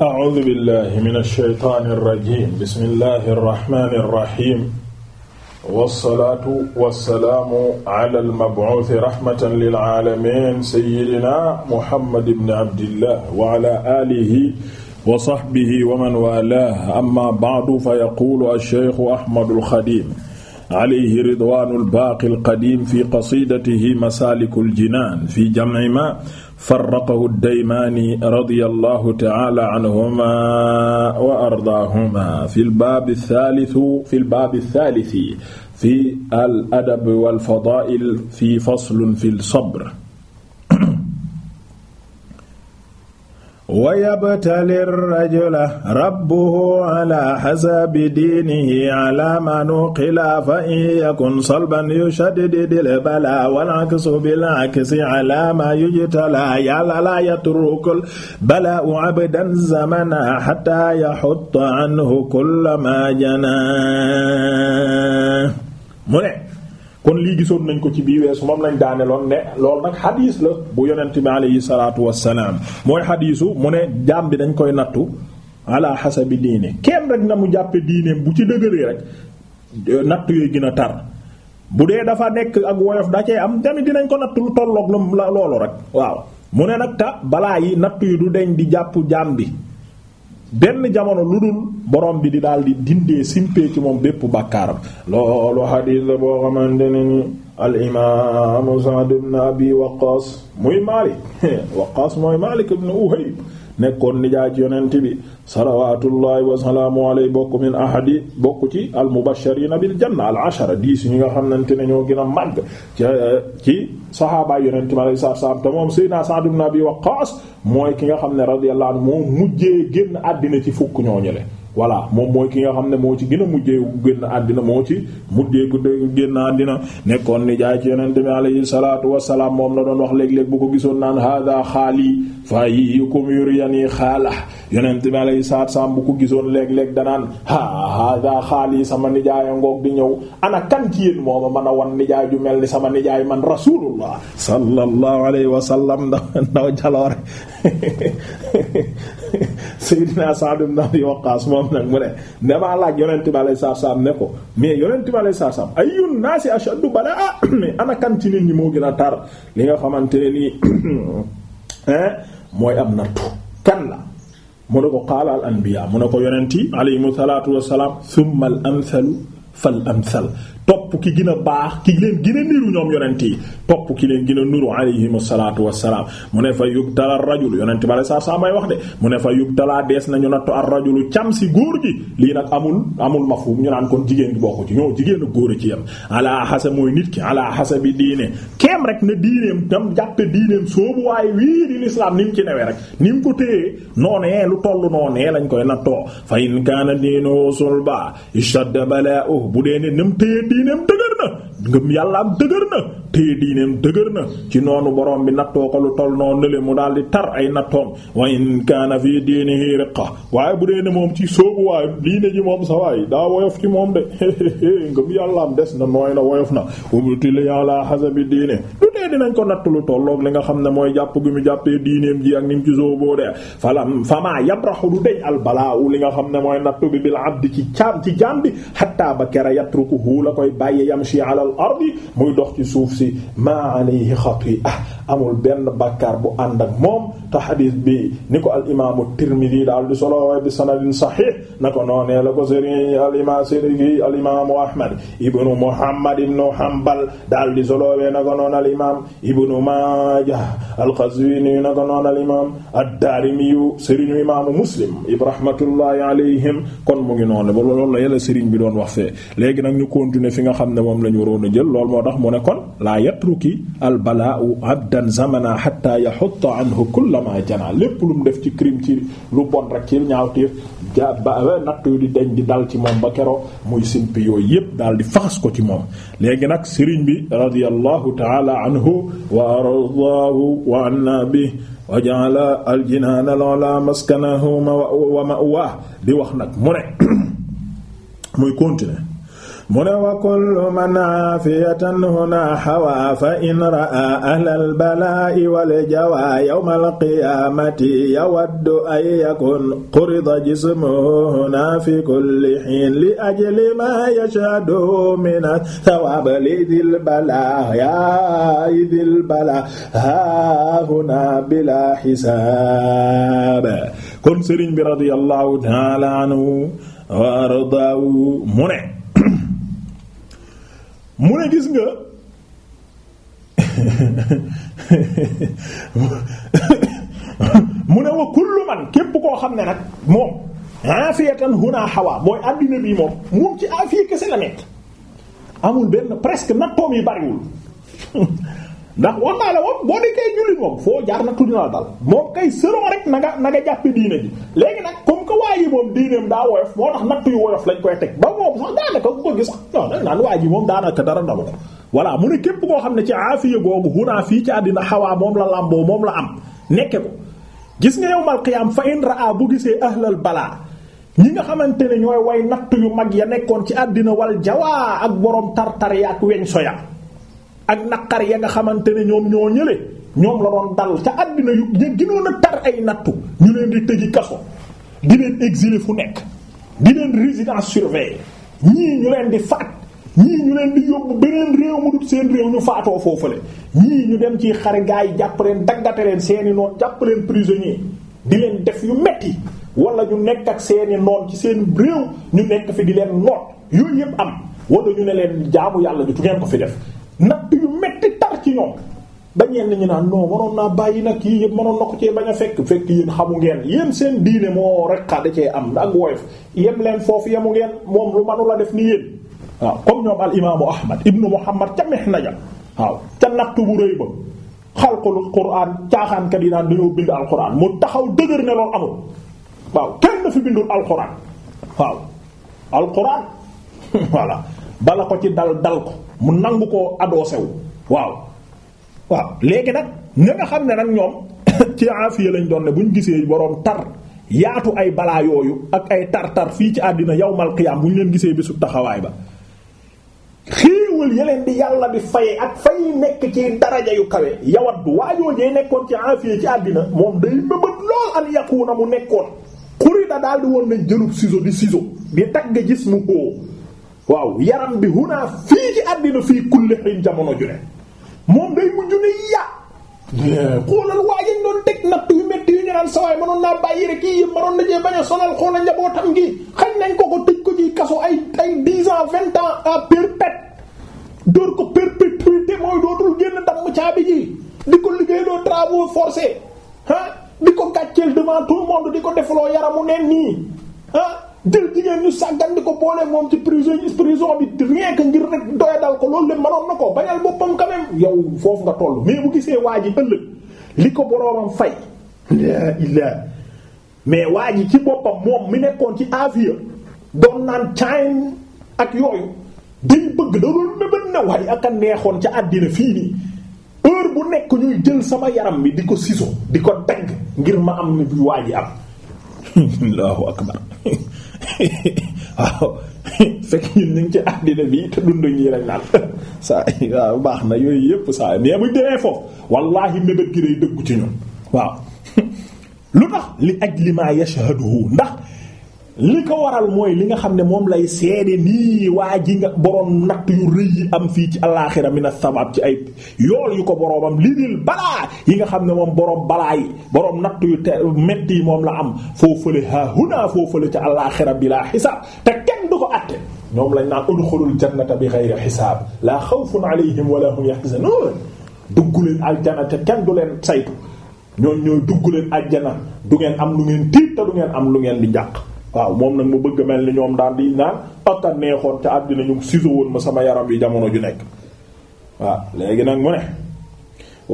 أعوذ بالله من الشيطان الرجيم بسم الله الرحمن الرحيم والصلاة والسلام على المبعوث رحمة للعالمين سيدنا محمد بن عبد الله وعلى آله وصحبه ومن والاه أما بعد فيقول الشيخ أحمد الخديم alayhi ridwanu lbaaqi alqadim fi qasidatihi masaliku aljinaan fi jamci ma faraqahu daymaani radi allahu taala anhuma wa ardaahuma fi lbaabi thaalithu fi lbaabi thaalithi fi al adab wal fadaa'il fi faslun fi sabr wa yabtali rajula rabbuhu ala hasabi diinihi ala ma nuqila fa in yakun salban yushaddidil bala wal aksu bil aksi ala ma yujtala yàlla la yatrukul bala u abdan zamana hatta yahutta anhu kullama jana mu ne kon lii gisoon nañ ko ci bii weesu moom lañ daaneloon ne loolu nag xadiis la bu yonent bi alayhi salaatu wassalaam mooy xadiisu mu ne jaam bi dañ koy nattu ala bi diine kenn rek na mu jàppe diineem bu ci dëgëree rek euh, nattu yooyu gën a tar bu dee dafa nekk ak woyof da cee am tamit dinañ ko natt lu tolloog la loolu rek waaw mu ne nag ta balaa yi natt yi du deñ di jàpp jaam bi benn jamono lu dul borom bi di daal di dindee simpee ci moom bépp bàkkaaram loolu xadiis la boo xamante ne ni al imaamu Sa'd ibn Abi muy Maalik Waqqaas mooy Maalik ibn Uhayb nekkoon nijaay ci yonent bi salawaatullahi wa salaamu alayhi bokk min ahadi bokk ci al mubashirina bil janna al ashara diis ñi nga xamante ne ñoo gën a màgg ci ci saxaabaay yonent bi alayhi salaam te moom Seydina Sa'd ibn Abi Waqqaas mooy ki nga xam ne radiyallahu anhu moo mujjee génn àddina ci fukk ñooñu le voilà moom mooy ki nga xam ne moo ci gën a mujjee génn àddina moo ci mujjee gudd génn àddina nekkoon ni jaay ci yonente bi alayhi salaatu wasalaam moom la doon wax léeg-léeg bu ko gisoon naan hada xaali fayyukum yuryani xaala yonente bi alayhi salaatu salaam bu ko gisoon léeg-léeg danaan ha hada xaali sama nijaaya ngoog di ñëw ana kan ci yéen moo ma mën a wan nijaay ju mel ni sama nijaay man rasulullah sallallahu alayhi wa sallam ndaw ndaw jaloore Seydina Sa'd ibn Abi Waqqas moom nag mu ne damaa laaj yonent bi alayhi salaatu salaam ne ko mais yonent bi alayhi salaatu salaam ayyun naasi ashaddu balaa mais ana ci nit ñi moo gën a tar li nga xamante ne nii mooy am nattu kan la mu ne ko qaala al anbiyaa mu ne ko yonent yi alayhimu salaatu wassalaam thumma al amthalu fal amthal topp ki gën a baax ki leen gën a niru ñoom yonent yi topp ki leen gën a niru alayhim salaatu wassalaam mu ne fa yubtala rajul yonent bale saa saa may wax de mu ne fa yubtala dees nañu rajulu cam si góor ji lii nag amul amul ci ñoo jigéen a ci yam ala xasa mooy nit ki ala xasa bi diine keem rek na diineem tam jàppe diineem soobu waaye wii di lislaam ni mu ci newee rek ni mu ko téyee noonee lu tollu noonee lañ koy nattoo fa in kaana diinuhu sulba istadda bala'uhu bu dee ne nam téye diineem dëgër na ngëm yàllaam dëgër na téye diineem dëgër na ci noonu borom bi nattoo ko lu toll noonu le mu daal di tar ay nattoom wa in kaana fii diinihi riqa waaye bu dee ne moom ci soobu waaye diine ji moom sa waay daa woyof ci moom de ngëm yàllaam des na nooy na woyof na wabtili ala hasabi diine dinañ ko natt li nga xam ne mooy jàpp gi mu jàppee diineem ji ak ni ci sóoboo de falam fama yabrahu du deñ li nga xam ne mooy nattu bi bil abdi ci caam ci jaam bi hatta ba kera yatrukuhu la koy bàyyi yamshi ala al ardi muy dox ci suuf si ma alayhi xati'a amul ben bàkkaar bu ànd ak moom te xadiis bi ni ko al imaamu Tirmidi daal di solo bi sanadin saxiix na ko noonee la ko sëriñ al imaam sëriñ al imaamu Ahmad ibnu Muhammad ibnu Hanbal daal di solo imaam ibnu Maaja al-Qazwiini na ko noon al imaam ad-Daarimi sëriñu imaamu Muslim rahmatullahi alayhim kon mu ngi noonu ba loolu la yàlla sëriñ bi doon wax fee léegi nag ñu continuer fi nga xam ne moom la ñu waroon a jël loolu moo tax mu ne kon laa yatruki al balaa'u zamana hatta yahutta anhu kulla ma jana lépp lu mu def ci crime ci lu bon rek ci ñaawteef ja ba natt yu di deñ di dal ci moom ba kero muy simpi yooyu yépp daal di faxas ko ci moom léegi nag sëriñ bi radiyallahu ta'ala anhu wa ardaahu wa anna bi wa ja'ala al jinaana al-'ulaa maskanahu wa ma'waa di wax nag mu ne muy continuer mu ne wa kullu man aafiyatan huna xawaa fa in raa ahlal balaa'i wal jawaa yawmal qiyaamati yawaddu ay yakun qurida jismuhu huna fi kulli hiin li ajli maa yashhadu min thawaab li dhil balaa yaa dhil balaa haa huna bilaa hisaab kon sëriñ bi radiyallahu ta'ala anhu wa ardaahu mu ne mu ne gis nga mu ne wa kullu man képp koo xam ne nag moom afiyatan huna hawa mooy àddina bi moom moom ci afiya kese la nekk amul benn presque nattoom yi bariwul ndax wax naa la moom boo nekkee jullit moom foo jaar nag tudd naa dal moom kay sëroo rek na nga na nga jàppe diine ji léegi nag comme que waa ji moom diineem daa woyof moo natt yu woyof lañ koy teg ba moom sax daanaka ko gis non dañ naan waa ji moom dara ndaw ko voilà mu ne képp koo xam ne ci aafiya googu hunaa fii ci àddina xawaa moom la làmboo moom la am nekke ko gis nga yowmal qiyaam fa in raa bu gisee ahlal balaa ñi nga xamante ne ñooy way natt yu mag ya nekkoon ci àddina wal jawaa ak borom tartar ya ak weñ soya ak naqar ya nga xamante ne ñoom ñoo ñële ñoom la doon dal ca àddina yu ñu gënoon a tar ay nattu ñu leen di tëji kaso di leen exile fu nekk di leen résidence surveillée ñii ñu leen di faat ñii ñu leen di yóbbu beneen réew mu dul seen réew ñu faatoo foofale ñii ñu dem ci xare yi jàpp leen daggate leen seeni noon jàpp leen prisonnier di leen def yu metti wala ñu nekk ak seeni noon ci seen réew ñu nekk fi di leen noot yooyu yëpp am wala ñu ne leen jaamu yàlla du ngeen ko fi def ci ñoom ba ñenn ñi naan non waroon naa bàyyi nag yii yëpp mënoon na ko cee bañ a fekk fekk yéen xamu ngeen yéen seen diine moo rekka a cee am ak woyof yem leen foofu yemu ngeen moom lu manu la def ni yéen waaw comme ñoom al imaamu ahmad ibnu muhammad ca mihnaja waaw ca natt bu rëy ba xalqul quraan caaxaankat yi naan dañoo bind al quraan mu taxaw dëgër ne loolu amul waaw kenn dafa bindul al quraan waaw al quraan voilà bala ko ci dal dal ko mu nangu ko adoosé waaw léegi nag ña nga xam ne nag ñoom ci aafiya lañ doon ne bu ñu gisee boroom tar yaatu ay balaa yooyu ak ay tar-tar fii ci àddina yawmal qiyaam bu ñu leen gisee bésu taxawaay ba xéewal leen di yàlla bi faye ak fay nekk ci daraja yu kawe yawat bu waajoojee nekkoon ci aafiya ci àddina moom day mëbët lool an mu nekkoon xuri da daal woon nañ jëlub ciseau di ciseau di tagg gis mu koo waaw yaram bi hunaa fii ci àddina fii kulli hin jamono ju ne moom day mujj ne ya xoolal waa yéen doon teg natt yu métti yu ñu naan sawaay mënoon naa bàyyi rek kii yëpp mënoon na cee bañ a sonal xoolal njabootam gi xañ nañ ko ko tëj ko ci kaso ay ay dix ans vingt ans à perpète door ko perpétuité mooy dootul génn damm caabi ji di ko liggéeyloo travaux forcés ah di ko gàcceel devant tout le monde di ko defloo yaramu neen nii ah. jël jigéen ñu sàggan di ko boole moom ci prison prison bi rien que ngir rek doya dal ko loolu lépp manoon na ko bañal boppam quand même yow foofu nga tollu mais bu gisee waa yi ëllëg li ko boroomam fay la illah mais waa yi ci boppam moom mi nekkoon ci avia doon naan time ak yooyu day bëgg da loolu mébét na waaye ak a neexoon ca àddina fii nii heure bu nekk ñuy jël sama yaram bi di ko siso di ko dagg ngir ma am ni bu waa am allahu akbar waaw fekk ñun ñu ngi ci àddina bi te dund ñi rek naan saa waaw baax na yooyu yëpp saa mais buñ demee foofu wallaahi mébét gi day dëggu ci ñun waaw lu tax li aj li ma yashhaduhu ndax li ko waral mooy li nga xam ne moom lay seede nii waa ji nga borom natt yu rëy am fii ci alaaxira mina sabab ci ay yool yu ko boromam li dil balaa yi nga xam ne moom borom balaa yi borom natt yu te metti yi moom la am foo fële ha huna foo fële ca alaaxira bilaa xisaab te kenn du ko àtte ñoom lañ naan udxulul jannata bi ghayri xisaab laa xawfun alayhim wala hum yahzanuun dugg leen aljana te kenn du leen saytu ñooñ ñooy dugg leen aljana du ngeen am lu ngeen tiit te du ngeen am lu ngeen di jàq waaw moom nag mu bëgg mel ni ñoom daan di naan aka neexoon ca àddina ñu siso ma sama yaram yi jamono ju nekk waaw léegi nag mu ne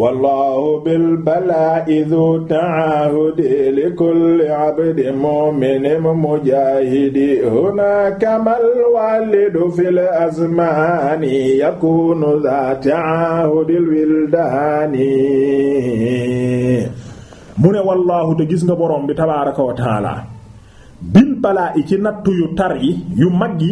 wallahu bil balaa'i dhu ta'ahudi li kulli 'abdin mu'minin mujahidi hunaka mal walidu fil azmani yakunu dha ta'ahudil wildani mu ne wallahu te gis nga borom bi tabaaraka wa balaa i ci nattu yu tar yi yu mag yi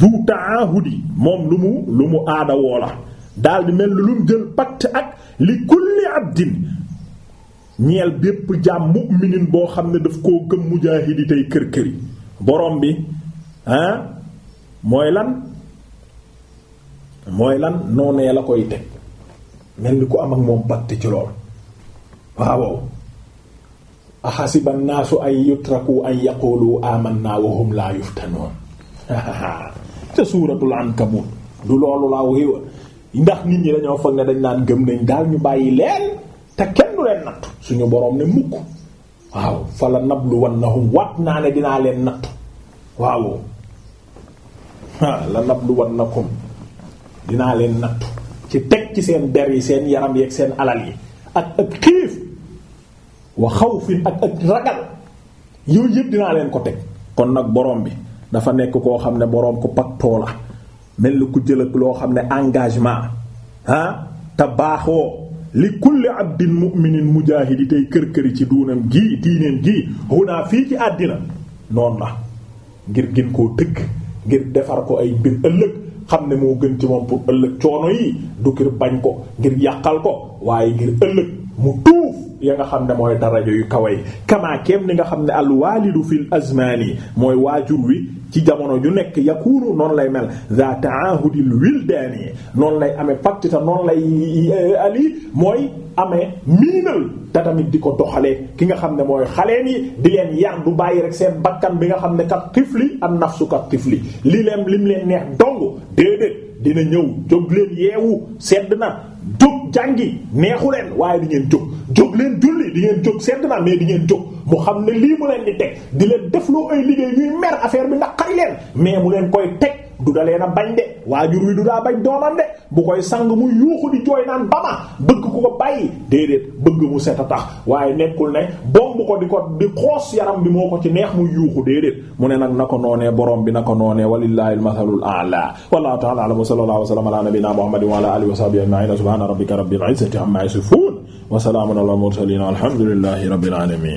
zu taahudi moom lu mu lu mu aada woo la daal di mel ni lu mu jël pacte ak li kulli abdin ñeel bépp jaam mu'minin boo xam ne daf koo gëm mujaahidi tey kër yi borom bi ah mooy lan mooy lan noonee la koy teg mel ni ku am ak moom pacte ci lool waaw axasiba naasu ay yutraku an yaqulu amanna wa hum laa yuftanuun ca suuratul ankabut du loolu laa wéwa ndax nit ñi dañoo foog ne dañ naan gëm nañ daal ñu bàyyi leen te kenn du leen nattu suñu boroom ne mukk waaw fala nabluwannahum waat naa ne dinaa leen nattu waaw la nabluwannakum dinaa leen nattu ci teg ci seen der yi seen yaram yi ak seen alal yi ak ak xiif wa xawfin ak ak ragal yooyu yëpp dinaa leen ko teg kon nag boroom bi dafa nekk koo xam ne borom ko pactoo la mel ni ku jël ak loo xam ne engagement ah te baaxoo li kulli abdin mu'minin mujaahidi tey kër këri ci duunam gii diineem gii hunaa fii ci àddina noonu na ngir gën koo tëgg ngir defar ko ay mbir ëllëg xam ne moo gën ci moom pour ëllëg coono yi du ngir bañ ko ngir yàqal ko waaye ngir ëllëg mu tuuf ya nga xam ne mooy daraja yu kawe yi kamaakeem ni nga xam ne alwaalidu fil azmaani mooy waajur wi ci jamono ju nekk yakunu noonu lay mel di taahudil wildaani noonu lay amee pacte te noonu lay ali mooy ame miinal te tamit di ko doxalee ki nga xam ne mooy xaleen yi di leen yar du bàyyi rek seen bakkan bi nga xam ne kat tifli an nafsu kat tifli li leen lim leen neex dong déedéet dina ñëw jóg leen yeewu sedd na jàngi neexu leen waaye di ngeen jóg jóg leen julli di ngeen jóg sedd na mais di ngeen jóg mu xam ne lii mu leen di teg di leen def loo ay liggéey ñuy mer affaire bi naqari leen mais mu leen koy teg du dalee na bañ de waajur wi du daa bañ doomam de bu koy sang mu yuuxu di jooy naan ba ma bëgg ku ko bàyyi déedéet bëgg mu set a tax waaye nekkul ne bomb ko di ko di xoos yaram bi moo ko ci neex mu yuuxu déedéet mu ne nag na ko noonee borom bi na ko noonee walillahi almathalul a'la wallahu ta'ala a'lam wa sallallahu wa sallama ala wa ala alihi wa sahbihi alhamdulillahi rabbil alamin